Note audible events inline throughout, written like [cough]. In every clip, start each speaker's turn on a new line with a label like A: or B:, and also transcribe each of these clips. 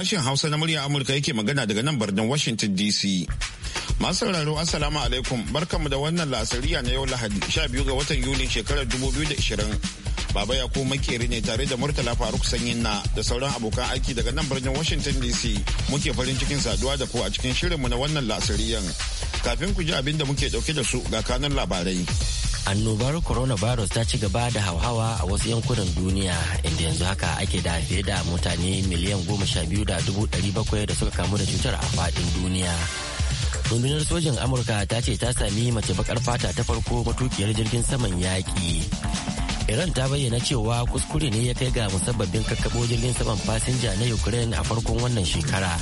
A: Sashen Hausa na murya Amurka yake magana daga nan birnin Washington DC. Masu sauraro Assalamu alaikum barkanmu da wannan lasariya na yau Lahadi 12 ga watan Yuni shekarar 2020. Baba ya ko makeri ne tare da Murtala Faruk Sanyin na da sauran abokan aiki daga nan birnin Washington DC muke farin cikin saduwa da ku a cikin shirinmu na wannan lasariyan. Kafin ku ji abin da muke dauke da su ga kanun labarai.
B: annobar coronavirus ta ci gaba da hauhawa a wasu yankunan duniya inda yanzu haka ake da fiye da mutane miliyan goma sha biyu da dubu ɗari bakwai da suka kamu da cutar a faɗin duniya rundunar sojin amurka ta ce ta sami mace bakar fata ta farko matukiyar jirgin saman yaƙi iran ta bayyana cewa kuskure ne ya kai ga musabbabin kakkaɓo jirgin saman fasinja na ukraine a farkon wannan shekara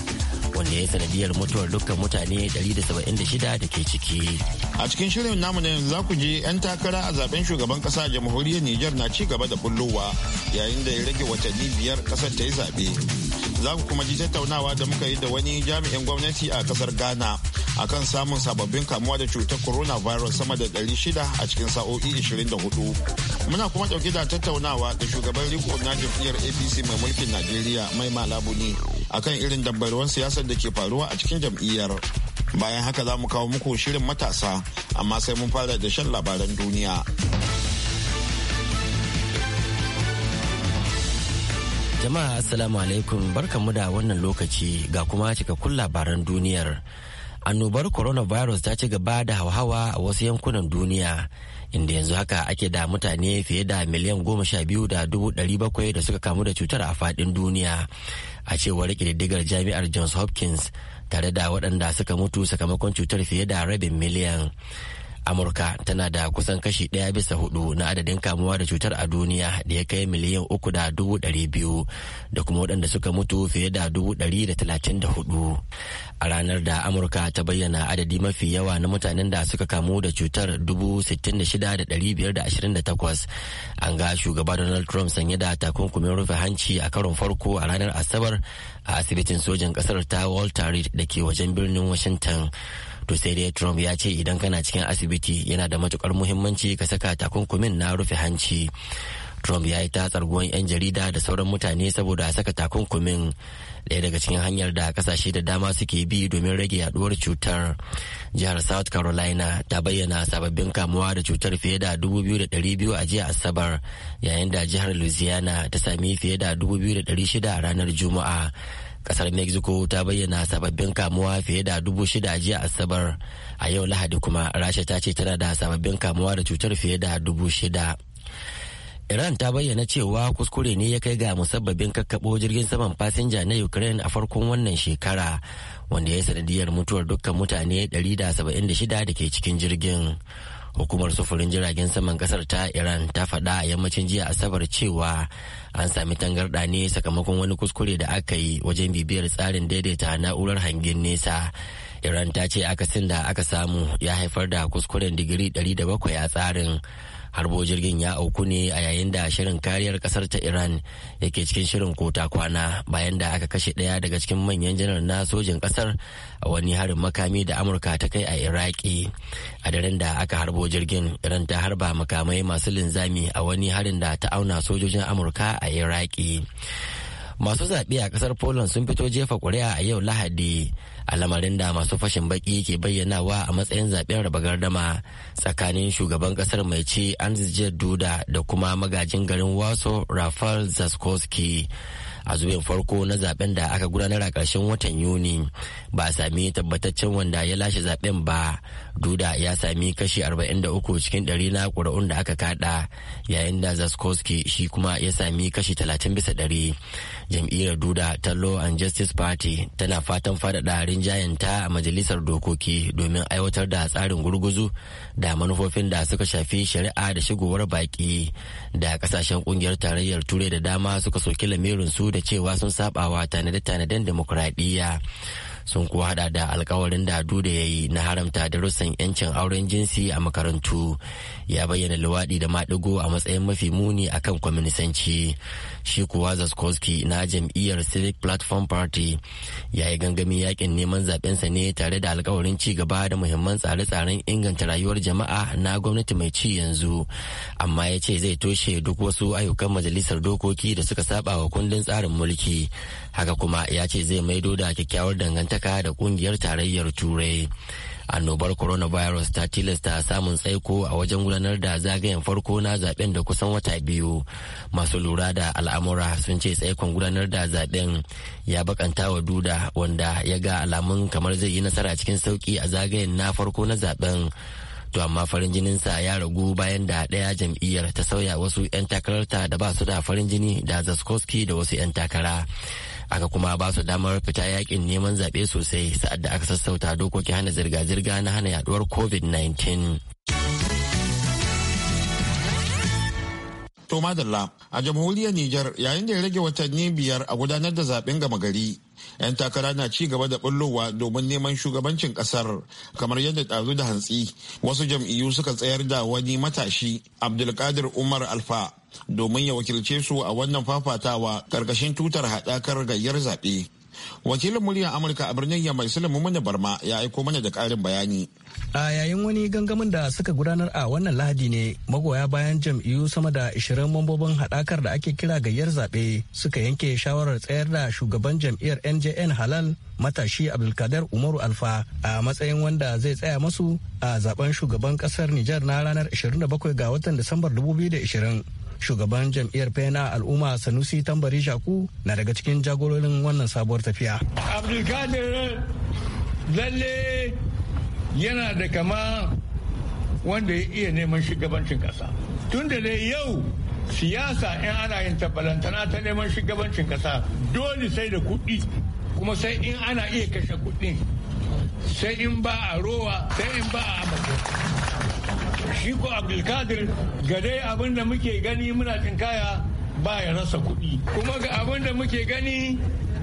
B: wanda ya sanadiyar mutuwar dukkan mutane 176 da
A: ke ciki. A cikin shirin namu na yanzu za ku je 'yan takara a zaben shugaban kasa jamhuriyar Nijar na ci gaba da bullowa yayin da ya rage watanni biyar kasar ta yi zaɓe. Za ku kuma ji tattaunawa da muka yi da wani jami'in gwamnati a kasar Ghana a kan samun sababbin kamuwa da cutar corona virus sama da 600 a cikin sa'o'i 24. Muna kuma ɗauke da tattaunawa da shugaban riko na jam'iyyar APC mai mulkin Najeriya mai malabu ne. akan irin dabbarwan siyasar da ke faruwa a cikin jam'iyyar bayan haka za mu kawo muku shirin matasa amma sai mun fara da shan labaran duniya
B: jama'a assalamu alaikum barkanmu da wannan lokaci ga kuma cikakkun labaran duniyar annobar coronavirus ta ci gaba da hauhawa a wasu yankunan duniya inda yanzu haka ake da mutane fiye da miliyan goma sha biyu da dubu ɗari bakwai da suka kamu da cutar a faɗin duniya a cewar ƙididdigar jami'ar johns hopkins tare da waɗanda suka mutu sakamakon cutar fiye da rabin miliyan amurka tana da kusan kashi ɗaya bisa hudu na adadin kamuwa da cutar a duniya da ya kai miliyan uku da dubu ɗari biyu da kuma waɗanda suka mutu fiye da dubu ɗari da talatin da hudu a ranar da amurka ta bayyana adadi mafi yawa na mutanen da suka kamu da cutar dubu sittin da shida da ɗari biyar da ashirin da takwas an ga shugaba donald trump sanye da takunkumin rufe hanci a karon farko a ranar asabar a asibitin sojan ƙasar ta walter reed da ke wajen birnin washington to sai dai trump ya ce idan kana cikin asibiti yana da matukar muhimmanci ka saka takunkumin na rufe hanci trump ya yi ta tsarguwan 'yan jarida da sauran mutane saboda saka takunkumin ɗaya daga cikin hanyar da kasashe da dama suke bi domin rage yaduwar cutar jihar south carolina ta bayyana sababbin kamuwa da cutar fiye da 2,200 a jiya asabar yayin da jihar louisiana ta sami fiye da 2,600 a ranar juma'a kasar mexico ta bayyana sababbin kamuwa fiye da dubu shida jiya asabar a yau lahadi kuma rasha ta ce tana da sababbin kamuwa da cutar fiye da dubu shida iran ta bayyana cewa kuskure ne ya kai ga musabbabin kakkaɓo jirgin saman fasinja na ukraine a farkon wannan shekara wanda ya sanadiyar mutuwar dukkan mutane 176 da ke cikin jirgin hukumar sufurin jiragen saman kasar ta iran ta faɗa a yammacin jiya asabar cewa an sami tangarɗa ne sakamakon wani kuskure da aka yi wajen bibiyar tsarin daidaita na'urar hangen nesa iran ta ce akasin da aka samu ya haifar da kuskuren digiri 700 a tsarin harbo jirgin ya auku ne a yayin da shirin kariyar kasar ta iran yake cikin shirin kota kwana bayan da aka kashe daya daga cikin manyan janar na sojin kasar a wani harin makami da amurka ta kai a iraki a daren da aka harbo jirgin iran ta harba makamai masu linzami a wani harin da ta auna sojojin amurka a iraki masu zaɓe a kasar poland sun fito jefa ƙuri'a a yau lahadi a lamarin da masu fashin baki ke bayyanawa a matsayin zaben raba gardama tsakanin shugaban kasar mai ci anzijiyar duda da kuma magajin garin waso rafael zaskowski a zuwan farko na zaben da aka gudanar a ƙarshen watan yuni ba a sami tabbataccen wanda ya lashe zaben ba duda ya sami kashi 43 cikin ɗari na ƙuri'un da aka kada yayin da zaskowski shi kuma ya sami kashi 30 bisa ɗari jam'iyyar duda ta law and justice party tana fatan faɗaɗa rinjayanta a majalisar dokoki domin aiwatar da tsarin gurguzu da manufofin da suka shafi shari'a da shigowar baƙi da ƙasashen ƙungiyar tarayyar turai da dama suka soki lamirin su da da cewa sun sabawa tanade-tanaden demokuraɗiyya sun kuwa hada da alkawarin da duda ya yi na haramta darussan 'yancin auren jinsi a makarantu ya bayyana luwaɗi da maɗigo a matsayin mafi muni a kan kwaminisanci shi kuwa zaskowski na jam'iyyar civic platform party ya yi gangamin yakin neman zaɓensa ne tare da alkawarin ci gaba da muhimman tsare-tsaren inganta rayuwar jama'a na gwamnati mai ci yanzu amma ya ce zai toshe duk wasu ayyukan majalisar dokoki da suka saba wa kundin tsarin mulki haka kuma ya ce zai maido da kyakkyawar dangantaka da kungiyar tarayyar turai annobar coronavirus ta tilasta samun tsaiko a wajen gudanar da zagayen farko na zaben da kusan wata biyu masu lura da al'amura sun ce tsaikon gudanar da zaben ya bakanta wa duda wanda ya ga alamun kamar zai yi nasara cikin sauki a zagayen na farko na zaben to amma farin jininsa ya ragu bayan da ɗaya jam'iyyar ta sauya wasu 'yan takararta da ba su da farin jini da zaskowski da wasu 'yan takara aka kuma ba su damar fita yakin neman zaɓe sosai sa'ad da aka sassauta dokokin hana zirga-zirga na hana yaduwar covid-19
A: To madalla a jamhuriyar Nijar yayin da ya rage watanni biyar a gudanar da zaben gama gari 'yan takara na ci gaba da bullowa domin neman shugabancin kasar kamar yadda ɗazu da hantsi wasu jam'iyyu suka tsayar da wani matashi abdulkadir umar alfa domin ya wakilce su a wannan fafatawa ƙarƙashin tutar haɗakar gayyar zaɓe wakilin muryar amurka a birnin yamai sulaimu mana barma ya aiko mana da ƙarin bayani
C: a yayin wani gangamin da suka gudanar a wannan lahadi ne magoya bayan jam'iyyu sama da 20 mambobin haɗakar da ake kira gayyar zaɓe suka yanke shawarar tsayar da shugaban jam'iyyar njn halal matashi Abdulkadar umaru alfa a matsayin wanda zai tsaya masu a zaben shugaban kasar nijar na ranar 27 ga watan disambar 2020 shugaban jam'iyyar pena al'umma sanusi tambari shaku na daga cikin jagororin wannan sabuwar tafiya
D: abdulkadir lalle yana da kama wanda ya iya neman shugabancin kasa tun da dai yau siyasa in ana yin tabbalantana ta neman shugabancin kasa dole sai da kuɗi kuma sai in ana iya kashe kuɗin sai in ba a rowa sai in ba a amince shi ko abdulkadir ga dai abin da muke gani muna tinkaya ba ya rasa kuɗi kuma ga abin da muke gani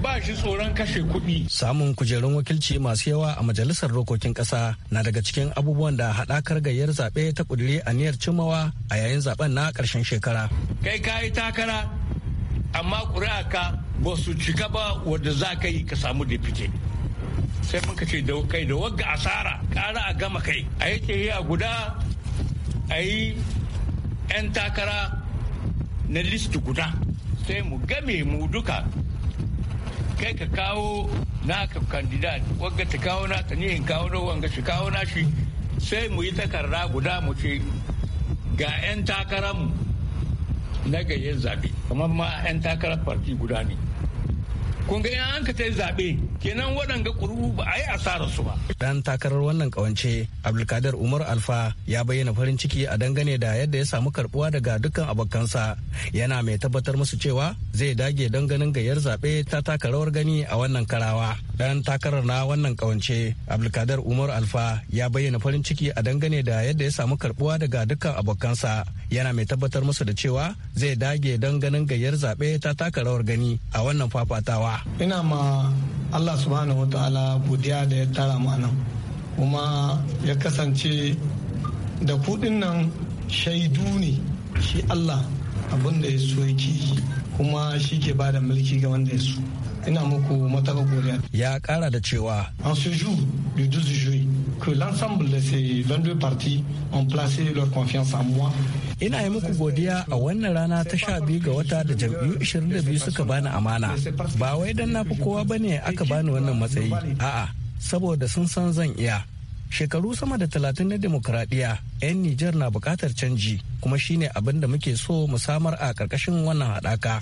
D: ba shi
C: tsoron kashe kuɗi. Samun kujerun wakilci masu yawa a majalisar dokokin ƙasa na daga cikin abubuwan da haɗakar gayyar zaɓe ta a niyyar cimawa a yayin zaɓen na ƙarshen shekara.
D: Kai ka yi takara amma ƙuri'a ka ba su cika ba wadda za ka yi ka samu dipite. Sai muka ce da kai da wagga asara ƙara a gama kai. A yi a guda a yi 'yan takara na listi guda sai mu game mu duka kai ka kawo naka kandidat wanga ta kawo naka ni kawo na wanga shi kawo na shi sai mu yi takarda guda mu ce ga 'yan takararmu na gayyar zaɓe kamar ma 'yan takarar farti guda ne kun ga an ka ta zaɓe kenan waɗanga kurubu ba a yi asarar su ba.
C: dan takarar wannan kawance abdulkadir umar alfa ya bayyana farin ciki a dangane da yadda ya samu karbuwa daga dukkan abokansa yana mai tabbatar musu cewa zai dage don ganin gayyar zaɓe ta taka rawar gani a wannan karawa dan takarar na wannan kawance abdulkadir umar alfa ya bayyana farin ciki a dangane da yadda ya samu karbuwa daga dukkan abokansa yana mai tabbatar musu da cewa zai dage don ganin gayyar zaɓe ta taka rawar gani a wannan fafatawa.
E: Ina ma
C: Allah subhanahu ta'ala godiya da ya tara mana nan kuma ya kasance da kuɗin nan shaidu ne shi Allah abin da ya so yake kuma shi ke ba da mulki ga wanda ya so. ina muku mataka godiya. Ya kara da cewa. En ce jour du 12 juillet, que l'ensemble de ces 22 partis ont placé leur confiance en moi Ina yi muku godiya a wannan rana ta sha biyu ga wata da jam'iyyu 22 suka bani amana. Ba wai don na fi kowa ba ne aka bani wannan matsayi. A'a, saboda sun san zan iya. Shekaru sama da talatin na demokradiyya 'yan Nijar na bukatar canji, kuma shine abin da muke so mu samar a karkashin wannan haɗaka.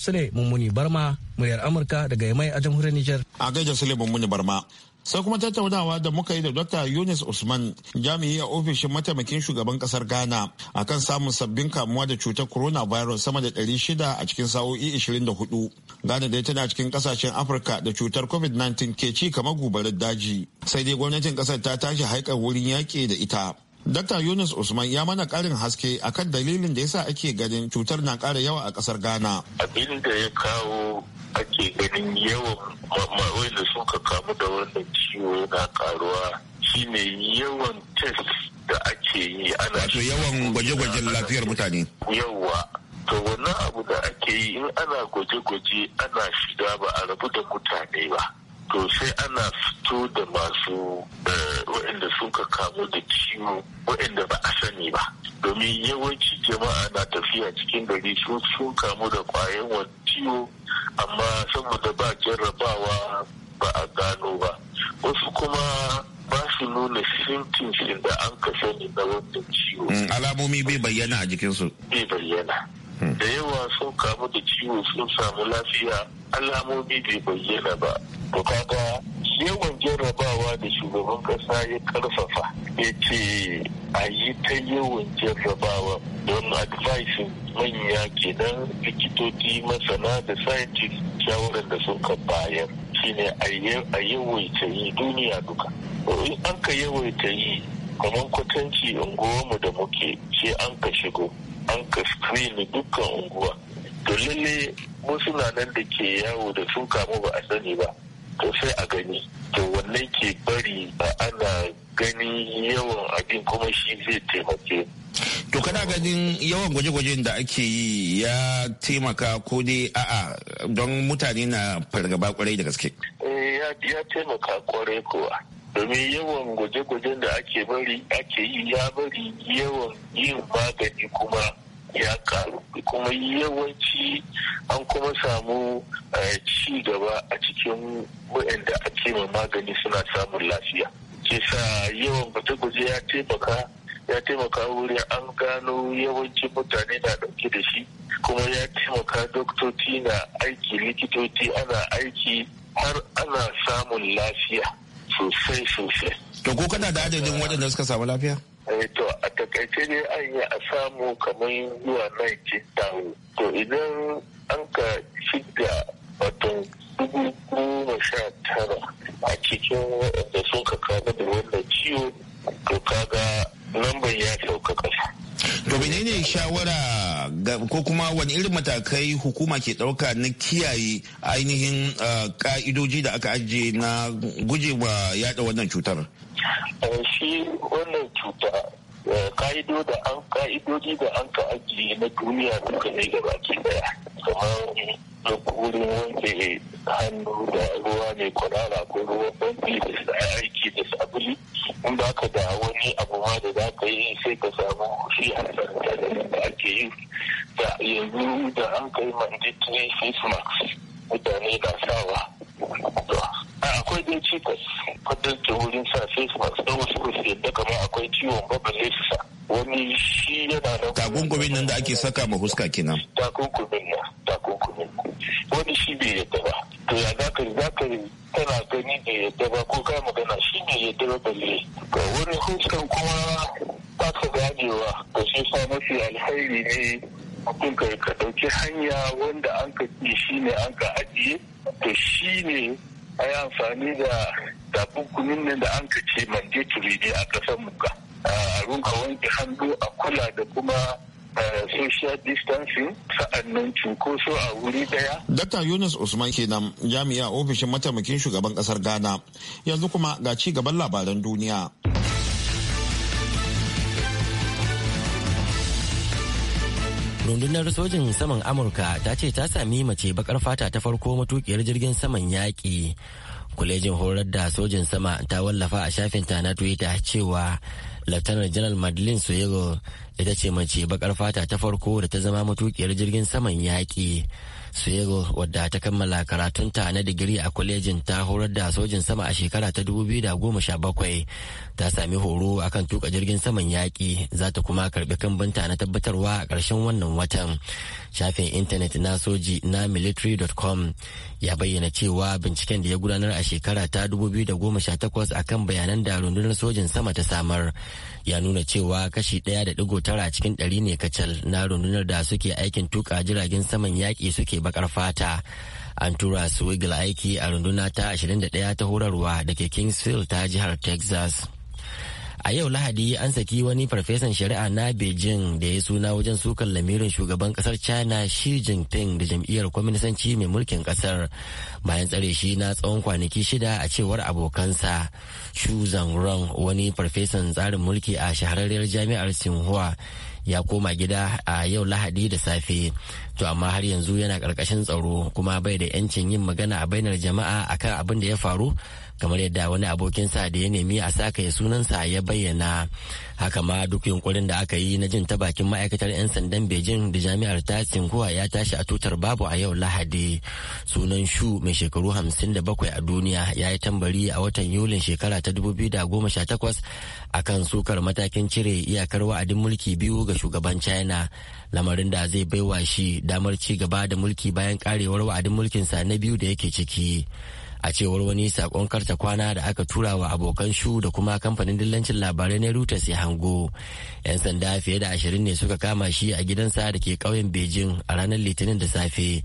C: Sule Mummuni Barma, muryar Amurka daga Yamai a jamhuriyar Nijar. A gaida Sule Mummuni Barma,
A: sai kuma tattaunawa da muka yi da dr Yunus usman jami'i a ofishin mataimakin shugaban kasar ghana akan samun sabbin kamuwa da cutar corona virus sama da 600 a cikin sa'o'i 24 ghana dai tana cikin kasashen afirka da cutar covid-19 ke ci kamar gubarar daji sai dai gwamnatin kasar ta tashi haikar wurin yaƙi da ita Dr. Yunus Usman ya mana ƙarin haske akan dalilin da yasa ake ganin cutar na ƙara yawa a ƙasar Ghana.
F: Abin da ya kawo ake ganin yawan ma'awai da suka kamu da wannan ciwo yana karuwa shine yawan test da ake yi ana
A: wato yawan gwaje-gwajen lafiyar mutane.
F: Yawa to wannan abu da ake yi in ana gwaje-gwaje ana shiga ba a rabu da mutane ba. to sai ana fito da masu eh, waɗanda suka kamu da ciwo waɗanda ba a sani ba domin yawanci jama'a na tafiya cikin gari sun kamu da kwayan wani ciwo amma saboda ba jarrabawa ba a gano ba wasu kuma ba su nuna symptoms da an ka
A: sani na wannan ciwo mm, alamomi bai bayyana a jikinsu
F: bai bayyana mm. da yawa sun kamu da ciwo sun samu lafiya alamomi bai bayyana ba to kaga yawan jarrabawa da shugaban kasa ya karfafa ya ce a yi ta yawan jarrabawa don advice manya kenan likitoci masana da scientist shawarar da suka bayar shine a yawaita yi duniya duka in an ka yawaita yi kamar kwatanci unguwarmu da muke sai an ka shigo an ka screen dukkan unguwa to lalle wasu suna nan da ke yawo da sun kamu ba a sani ba to sai a gani to wannan ke bari ba ana gani yawan abin kuma shi zai taimake
A: To kana ganin yawan gwaje-gwajen da ake yi ya taimaka ko dai a'a don mutane na fargaba kwarai da gaske?
F: Eh, ya taimaka kwarai kuwa. Domin yawan gwaje-gwajen da ake bari ake yi ya bari yawan yin magani kuma ya karu kuma yawanci an kuma samu eh, ci gaba a cikin waɗanda ake ma magani suna samun lafiya ke sa yawan bata guje ya taimaka ya taimaka wuri an gano yawancin mutane na ɗauke da shi kuma ya taimaka doktoci na aiki likitoci ana aiki har ana samun lafiya sosai
A: sosai to ko kana da adadin waɗanda suka samu lafiya Eh,
F: to a takaice dai an yi a samu kamar zuwa 19,000 to idan an ka shidda watan dubu goma sha tara a cikin sun ka kama da wannan
A: ciwo to kaga lambar ya sauka kasa To menene shawara ko kuma wani irin matakai hukuma ke ɗauka na kiyaye ainihin ka'idoji uh, da aka ajiye na gujewa yada wannan cutar?
F: Eh, shi wannan cuta eh, ka'idodi da an ka ajiye na duniya duka ne ga baki daya kamar wurin wanke hannu da ruwa ne kwarara ko ruwan banki da aiki da sabuli in ba ka da wani abu ma da za ka yi sai ka samu shi da ake yi da yanzu da an kai mandatory face mask mutane na sawa akwai dai cikas kwadar jihohin sa sai su masu don wasu su yadda kamar akwai ciwon baballe su sa wani shi
A: yana da takunkumin nan da ake saka ma huska kenan takunkumin nan takunkumin wani shi bai yadda ba to ya zaka zaka tana gani bai
F: yadda ba ko kai magana shi bai yadda ba balle ga wani huskan kuma ba ka ganewa to shi sa mafi alkhairi ne kun ka ka ɗauki hanya wanda an ka ci shi ne an ka ajiye to shi ne a yi amfani da takunkumin nan da an ka ce mandatory ne a ƙasar muka a runka wanke hannu a kula da kuma social distancing sa'annan cunkoso a wuri daya.
A: Dr. Yunus Usman kenan jami'a ofishin mataimakin shugaban kasar Ghana yanzu kuma ga ci gaban
B: labaran duniya. rundunar sojin saman amurka ta ce ta sami mace bakar fata ta farko matukiyar jirgin saman yaƙi kwalejin horar da sojin sama ta wallafa a shafin ta na twitter cewa laftanar janar madeline soyego ita ce mace bakar fata ta farko da ta zama matukiyar jirgin saman yaƙi suego wadda ta kammala karatunta na digiri a kwalejin ta horar da sojin sama a shekara ta 2017 ta sami horo akan tuka jirgin saman yaƙi za ta kuma karbi kambinta na tabbatarwa a ƙarshen wannan watan. Shafin intanet na soji na military.com ya bayyana cewa binciken da ya gudanar a shekara ta 2018 kan bayanan da rundunar sojin sama ta samar ya nuna cewa kashi ɗaya da ɗigo tara cikin ɗari ne kacal na rundunar da suke aikin tuka jiragen saman yaƙi suke baƙar fata an tura su wigil aiki a runduna ta 21 ta horarwa da ke kingsfield ta jihar texas a yau lahadi an saki wani farfesan shari'a na beijing da ya suna wajen sukan lamirin shugaban kasar china xi jinping da jam'iyyar kwaminisanci mai mulkin kasar bayan tsare shi na tsawon kwanaki shida a cewar abokansa shu zhang wani farfesan tsarin mulki a shahararriyar jami'ar xinhua. ya koma gida a yau lahadi da safe to amma har yanzu yana ƙarƙashin tsaro kuma bai da 'yancin yin magana a bainar jama'a akan abin da ya faru kamar yadda wani abokin sa da ya nemi a saka ya sunansa ya bayyana haka ma duk yunkurin da aka yi na jin ta bakin ma'aikatar 'yan sandan beijing da jami'ar ta tsinkuwa ya tashi a tutar babu a yau lahadi sunan shu mai shekaru hamsin da bakwai a duniya ya yi tambari a watan yulin shekara ta 2018 akan sukar matakin cire iyakar wa'adin mulki biyu ga shugaban china lamarin da zai baiwa shi damar ci gaba da mulki bayan karewar wa'adin mulkinsa na biyu da yake ciki a cewar wani sakon karta kwana da aka tura wa abokan shu da kuma kamfanin dillancin labarai na Reuters ya hango. 'Yan sanda fiye da ashirin ne suka kama shi a gidansa da ke ƙauyen Beijing a ranar Litinin da safe.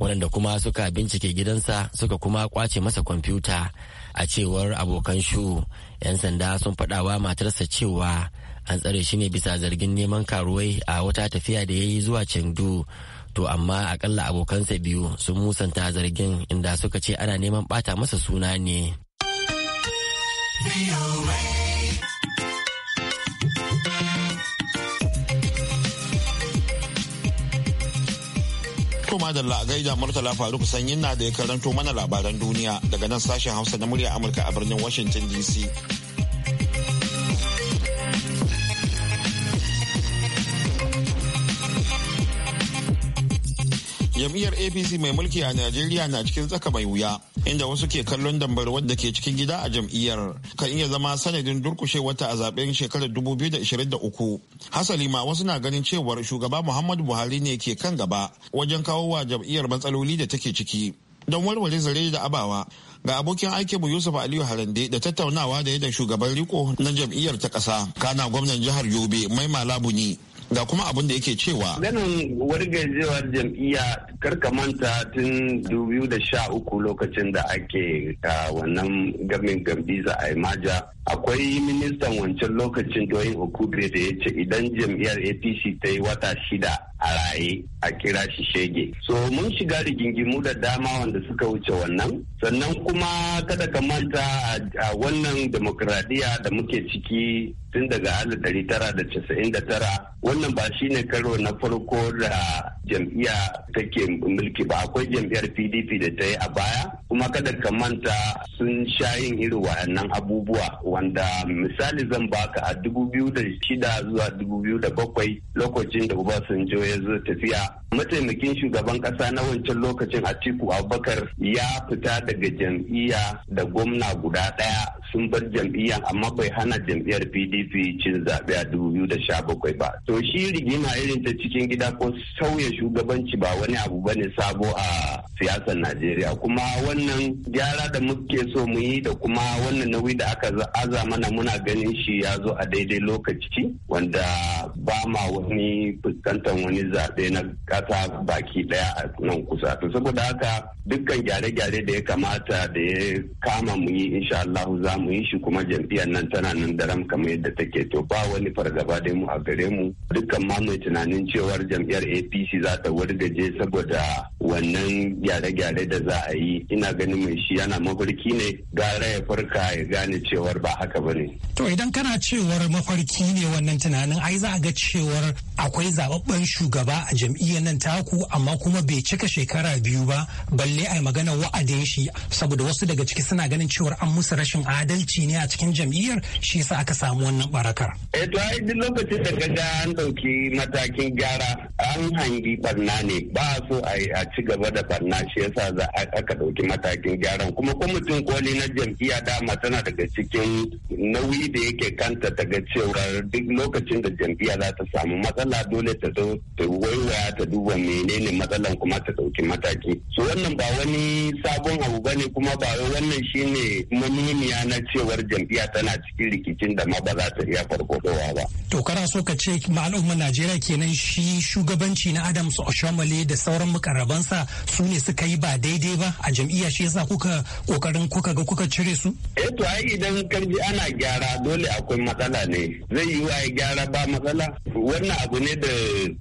B: waɗanda kuma suka bincike gidansa suka kuma kwace masa kwamfuta a cewar abokan shu 'yan sanda sun faɗawa matarsa cewa an tsare shi ne bisa zargin neman karuwai a wata tafiya da ya yi zuwa chengdu to amma akalla abokansa biyu sun musanta zargin inda suka ce ana neman bata masa suna ne
A: kuma madalla a gaida murtala faruk sanyin na da ya karanto mana labaran duniya daga nan sashen hausa na murya amurka a birnin washington dc jam'iyyar apc mai mulki a najeriya na cikin tsaka mai wuya inda wasu ke kallon dambar wadda ke cikin gida a jam'iyyar kan iya zama sanadin durkushe wata a zaben shekarar 2023 hasali ma wasu na ganin cewar shugaba muhammadu buhari ne ke kan gaba wajen kawo wa jam'iyyar matsaloli da take ciki don warware zare da abawa ga abokin mu yusuf aliyu harande da tattaunawa da yadda shugaban riko na jam'iyyar ta ƙasa kana gwamnan jihar yobe mai malabuni ga
G: kuma abin da yake cewa ganin wargajewar jam'iyya karkamanta tun uku lokacin da ake ta wannan gamin gambiza a imaja akwai ministan wancan lokacin doyin okube da ya ce idan jam'iyyar apc ta yi wata shida a raye a kira shi shege so mun shiga rigingimu da dama wanda suka wuce wannan sannan kuma kada ka manta a wannan demokradiyya da muke ciki tun daga tara wannan ba shi ne karo na farko da jam'iyya take mulki ba akwai jam'iyyar pdp da ta yi a baya kuma kada ka manta sun sha yin irin wa'annan abubuwa wanda misali zan baka a shida zuwa bakwai lokacin da sun ya yanzu da tafiya mataimakin shugaban kasa na wancan lokacin atiku abubakar ya fita daga jam'iyya da gwamna guda ɗaya sun bar jam'iyyar amma bai hana jam'iyyar pdp cin zaɓe a bakwai ba to shi rigima irin ta cikin gida ko sauya shugabanci ba wani abu bane sabo a siyasar najeriya kuma wannan gyara da muke so mu yi da kuma wannan nauyi da aka aza mana muna ganin shi ya zo a daidai lokaci wanda ba ma wani fuskantar wani zaɓe na ƙasa baki ɗaya a nan kusa to saboda haka dukkan gyare-gyare da ya kamata da ya kama mu yi insha Allah za mu mu yi shi kuma jam'iyyar nan tana nan daram kamar yadda take to ba wani fargaba dai mu a gare mu dukkan ma mai tunanin cewar jam'iyyar APC za ta wargaje saboda wannan gyare-gyare da za a yi ina ganin mai shi yana mafarki ne gara ya farka ya gane cewar ba haka ba ne.
H: To idan kana cewar mafarki ne wannan tunanin ai za a ga cewar akwai zababben shugaba a jam'iyyar nan taku amma kuma bai cika shekara biyu ba balle ai magana wa'adin shi saboda wasu daga ciki suna ganin cewar an musu rashin adalci adalci ne a cikin jam'iyyar shi yasa aka samu wannan barakar.
G: Eh to ai duk lokacin da ka ga an ɗauki matakin gyara an hangi barna ne ba so a ci gaba da barna shi yasa za aka ɗauki matakin gyaran kuma ko kwamitin koli na jam'iyya dama tana daga cikin nauyi da yake kanta ta cewa duk lokacin da jam'iyya za ta samu matsala dole ta zo ta waiwaya ta duba menene matsalan kuma ta ɗauki mataki. So wannan ba wani sabon abu bane kuma ba wannan shine maniniya na na cewar jam'iyya tana cikin rikicin da ma ba za ta iya farfadowa ba.
H: To kana so ka ce ma Najeriya kenan shi shugabanci na Adams Oshomale da sauran mukarrabansa su ne suka yi ba daidai ba a jam'iyya shi yasa kuka kokarin kuka ga kuka cire su?
G: Eh to ai idan karji ana gyara dole akwai matsala ne. Zai yi wa gyara ba matsala. Wannan abu ne da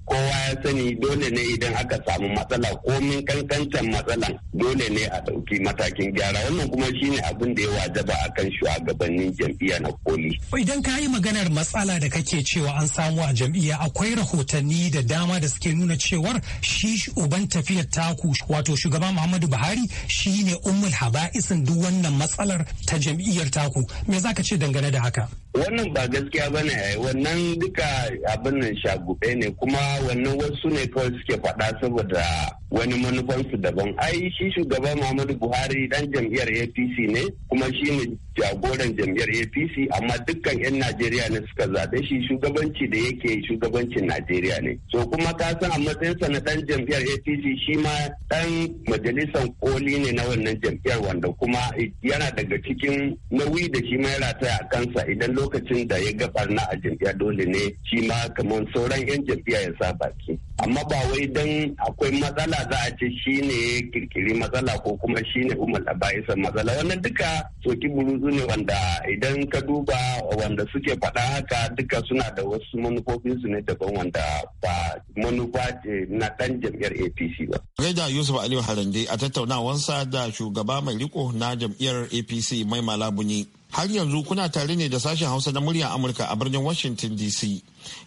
G: kowa ya sani dole ne idan aka samu matsala ko min kankantan matsalan dole ne a ɗauki matakin gyara wannan kuma shine abin da ya wajaba a kan shugabannin jam'iyya na koli.
H: Idan ka yi maganar matsala da kake cewa an samu a jam'iyya akwai rahotanni da dama da suke nuna cewar shi uban tafiyar taku wato shugaba Muhammadu Buhari shi ne ummul haba'isin duk wannan matsalar ta jam'iyyar taku. Me zaka ce dangane da haka?
G: wannan ba gaskiya ba ne wannan duka abin nan shagube ne kuma wannan wasu ne kawai suke faɗa saboda wani manufansu daban ai shi shugaba muhammadu buhari dan jam'iyyar apc ne kuma shi ne jagoran jam'iyyar apc amma dukkan 'yan najeriya ne suka zaɓe shi shugabanci da yake shugabancin najeriya ne so kuma ka san a matsayinsa na dan jam'iyyar apc shi ma dan majalisar koli ne na wannan jam'iyyar wanda kuma yana daga cikin nauyi da shi ma ya rataya a kansa idan lokacin da ya ga barna a jam'iyya dole ne shi ma kamar sauran 'yan jam'iyya ya sa baki amma ba wai dan akwai matsala za a ce shi ne kirkiri matsala ko kuma shi ne umar isa matsala wannan duka soki buruzu ne wanda idan ka duba wanda suke faɗa haka duka suna da wasu su ne daban wanda ba manufa na ɗan jam'iyyar apc ba.
A: Reda Yusuf Aliyu Harande a tattaunawansa da shugaba mai riko na jam'iyyar APC mai malabuni. Har yanzu kuna tare ne da sashen Hausa na muryar Amurka a birnin Washington DC.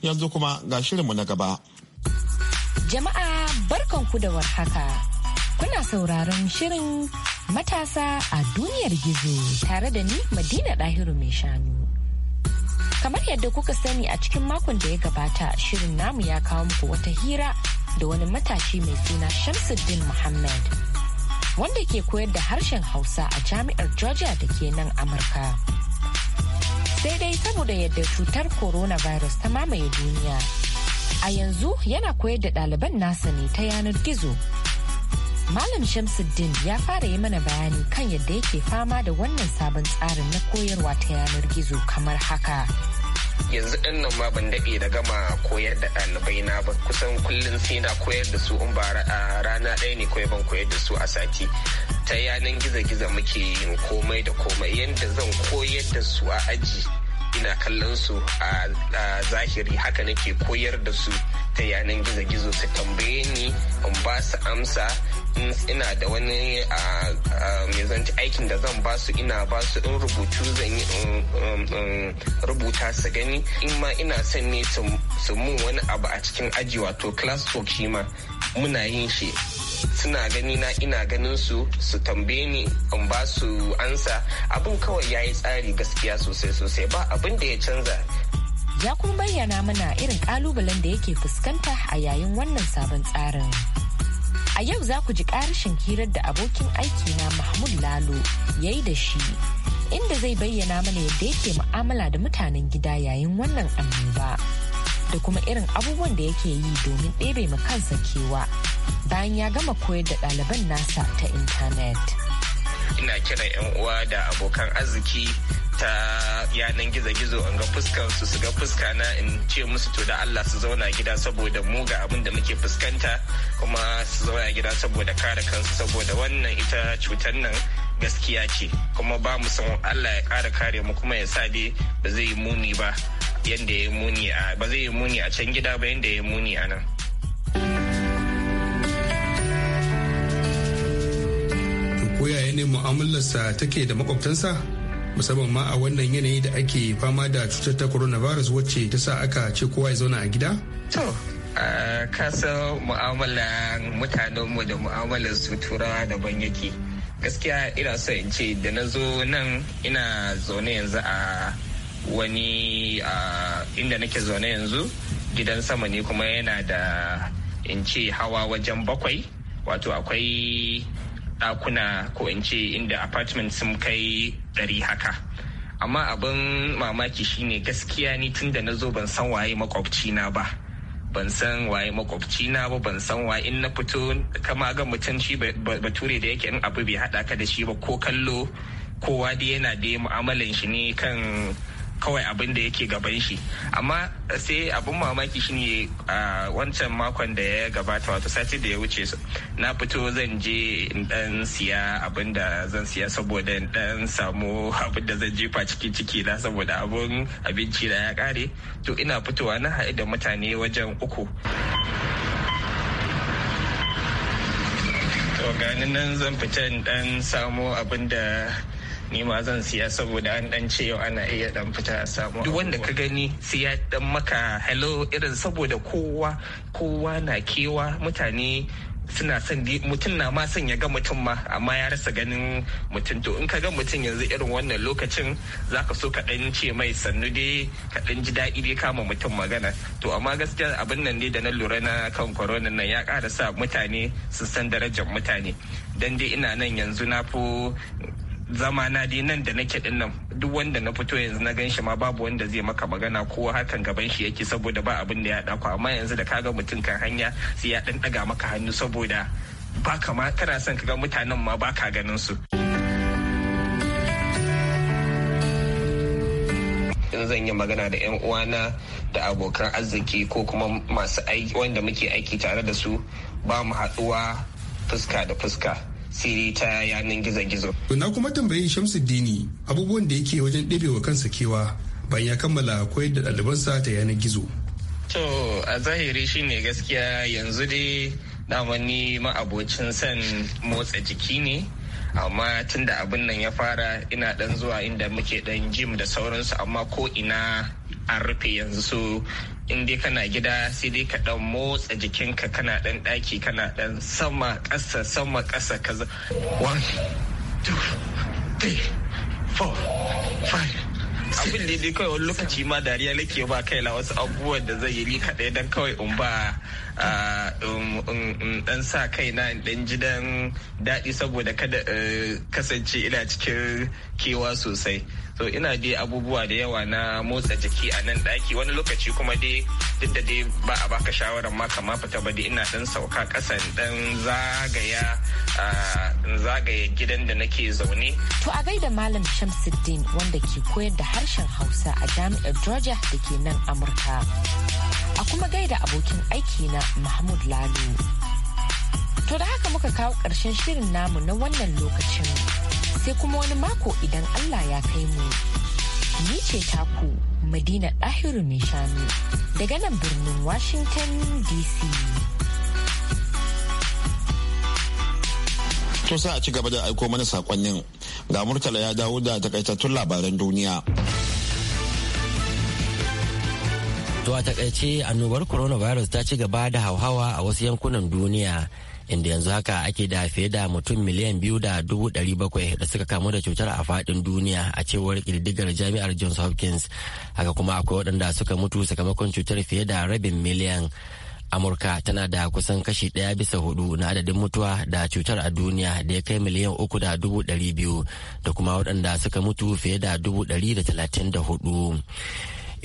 A: Yanzu kuma ga shirinmu na gaba.
I: Jama'a barkanku da warhaka. Kuna sauraron shirin matasa a duniyar gizo tare da ni Madina Dahiru mai shanu. Kamar yadda kuka sani a cikin makon da ya gabata shirin namu ya kawo muku wata hira da wani matashi mai suna Shamsuddin Muhammad. wanda ke koyar da harshen Hausa a jami'ar Georgia da ke nan Amurka. Sai dai saboda yadda cutar coronavirus ta mamaye duniya, a yanzu yana koyar da ɗaliban nasa ne ta yanar gizo. Malam Shamsuddin ya fara yi mana bayani kan yadda yake fama da wannan sabon tsarin na koyarwa ta yanar gizo kamar haka.
E: yanzu ɗan nan ma ban daɗe da gama koyar da ɗalibai na ba kusan kullum sai na koyar da su in ba a rana ɗaya ne kawai ban koyar da su a sati ta yanan gizo-gizo muke yin komai da komai yadda zan koyar da su a aji ina kallon su a zahiri haka nake koyar da su ta yanar gizo-gizo su tambaye ni in ba su amsa ina da wani zanci aikin da zan ba su ina ba su in rubutu zan yi rubuta su gani in ma ina son ne su mu wani abu a cikin aji wato class shi ma muna yin shi suna gani na ina ganin su su tambaye ni in ba su ansa abin kawai ya yi tsari gaskiya sosai sosai ba abin da ya canza
I: ya kuma bayyana mana irin kalubalen da yake fuskanta a yayin wannan sabon tsarin. A yau za ku ji ƙarshen hirar da abokin aiki na Mahmud Lalo ya yi da shi, inda zai bayyana mana yadda yake mu'amala da mutanen gida yayin wannan annoba. Da kuma irin abubuwan da yake yi domin ɗebe ma kansa kewa bayan ya gama koyar da ɗaliban nasa ta intanet.
E: Ina kiran 'yan uwa da abokan arziki ta yanan gizo-gizo in ga fuskar su su ga fuska na in ce musu to da Allah su zauna gida saboda mu ga abin da muke fuskanta kuma su zauna gida saboda kare kansu saboda wannan ita cutar nan gaskiya ce kuma ba mu san Allah ya kara kare mu kuma ya sa dai ba zai yi muni ba yanda ya muni a ba zai yi muni a can gida ba yanda ya muni
C: a nan ko yaya ne mu'amalarsa take da makwabtansa musamman ma a wannan yanayi da ake fama da cutar ta coronavirus wacce ta sa aka ce kowa ya zauna a gida? To,
E: kasa mu'amalan mutanenmu da mu'amalar su turawa daban yake. Gaskiya ina so in ce da na zo nan ina zaune yanzu a wani inda nake zaune yanzu gidan sama ne kuma yana da in ce hawa wajen bakwai wato akwai ɗakuna ko in ce inda apartment sun kai ɗari haka amma abin mamaki shine gaskiya ni tun da na zo ban san waye makwabci na ba ban san waye makwabci na ba ban san waye in na fito kama ga mutunci bature da yake in abu bai haɗa ka da shi ba ko kallo kowa dai yana da mu'amalan shi ne kan kawai abin da yake gaban shi amma sai abin mamaki shine a wancan makon da ya gabata wato sati da ya wuce na fito zan je in dan siya abin da zan siya saboda dan samu [laughs] abin da zan jefa cikin ciki na saboda abin abinci da ya kare to ina fitowa na haɗu da mutane wajen uku to ganin nan zan fita in dan samo abin da ni ma zan siya saboda an dan ce yau ana iya dan fita a samu duk wanda ka gani sai ya dan maka hello irin saboda kowa kowa na kewa mutane suna son mutum na ma son ya ga mutum ma amma ya rasa ganin mutum to in ka ga mutum yanzu irin wannan lokacin za ka so ka dan ce mai sannu dai ka dan ji daɗi dai kama mutum magana to amma gaskiya abin nan dai da na lura na kan corona nan ya ƙara sa mutane su san darajar mutane dan dai ina nan yanzu na fi zama na dai nan da nake din nan duk wanda na fito yanzu na gan shi ma babu wanda zai maka magana ko hakan gaban shi yake saboda ba abin da ya dako amma yanzu da kaga mutum kan hanya sai ya dan daga maka hannu saboda ba kama kana son kaga mutanen ma ba ka ganin su in zan yi magana da 'yan uwana da abokan arziki ko kuma masu aiki wanda muke aiki tare da su ba mu haɗuwa fuska da fuska siri ta yanin gizo-gizo.
C: Na kuma tambayi Shamsuddini abubuwan da yake wajen ɗebewa kansa kewa bayan ya kammala koyar da ɗalibansa ta yanar gizo.
E: To a zahiri shine gaskiya yanzu dai daman ni ma'abocin son motsa jiki ne amma tun da abin nan ya fara ina dan zuwa inda muke dan jim da sauransu amma ko ina an rufe yanzu su in dai kana gida sai dai ka dan motsa jikinka kana dan daki kana dan sama ƙasa sama ƙasa kaza one two three four five abin da dai kawai wani lokaci ma dariya nake ba kai la wasu abubuwan da zai yi ni kaɗai dan kawai in ba in dan sa kaina in dan ji dan daɗi saboda kada eh, kasance ina cikin kewa sosai. so ina dai abubuwa da yawa na motsa jiki a nan daki wani lokaci kuma dai duk da dai ba a baka shawarar ma kama fita ba dai ina dan sauka kasan dan zagaya zagaya gidan da nake zaune
I: to a gaida malam Shamsuddin wanda ke koyar da harshen Hausa a jami'ar Georgia da ke nan Amurka a kuma gaida abokin aiki na Mahmud Lalu to da haka muka kawo ƙarshen shirin namu na wannan lokacin sai kuma wani mako idan Allah ya kai mu. Ni ce taku Madina Ɗahiru Nishanu daga nan birnin Washington DC.
A: To sai a ci gaba da aiko mana sakonnin ga Murtala ya dawo da takaitattun labaran duniya.
B: To a takaice annobar coronavirus ta ci gaba da hauhawa a wasu yankunan duniya inda yanzu haka ake da fiye da mutum miliyan biyu da dubu ɗari bakwai da suka kamu da cutar a faɗin duniya a cewar ƙididdigar jami'ar johns hopkins haka kuma akwai waɗanda suka mutu sakamakon cutar fiye da rabin miliyan amurka tana da kusan kashi ɗaya bisa hudu na adadin mutuwa da cutar a duniya da ya kai miliyan uku da dubu ɗari biyu da kuma waɗanda suka mutu fiye da dubu ɗari da talatin da hudu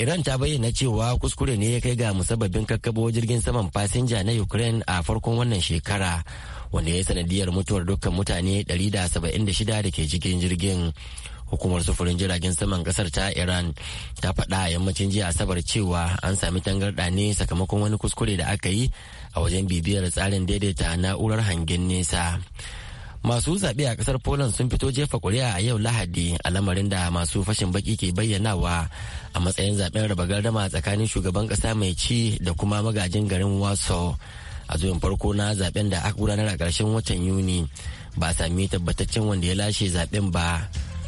B: Iran ta bayyana cewa kuskure ne ya kai ga musabbabin kakkabo jirgin saman fasinja na Ukraine a farkon wannan shekara wanda ya sanadiyar mutuwar dukkan mutane 176 da ke cikin jirgin. Hukumar sufurin jiragen saman kasar ta Iran ta faɗa a yammacin jiya Asabar cewa an sami tangarɗa ne sakamakon wani kuskure da aka yi a wajen bibiyar tsarin daidaita na'urar hangen nesa. masu zaɓe a ƙasar poland sun fito jefa ƙuri'a a yau lahadi a lamarin da masu fashin baki ke bayyanawa a matsayin zaɓen raba gardama tsakanin shugaban ƙasa mai ci da kuma magajin garin waso a zuwan farko na zaɓen da aka gudanar a ƙarshen watan yuni ba a sami tabbataccen wanda ya lashe zaɓen ba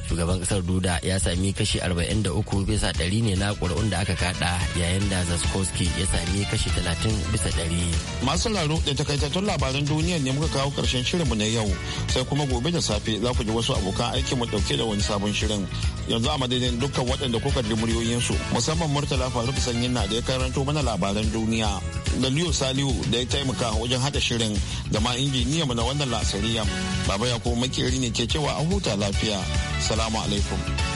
B: shugaban kasar duda ya sami kashi 43 bisa dari ne na ƙuri'un da aka kada yayin da zaskowski ya sami kashi 30 bisa ɗari.
A: masu laro da takaitattun labaran duniya ne muka kawo karshen shirinmu na yau sai kuma gobe da safe za ku ji wasu abokan aikin mu dauke da wani sabon shirin yanzu a madadin dukkan waɗanda kuka ji muryoyinsu musamman murtala faruk sanyin na da ya karanto mana labaran duniya da liyo saliu da ya taimaka wajen hada shirin da ma mu na wannan lasariya baba ya kuma makeri ne ke cewa a huta lafiya Salamu alaikum.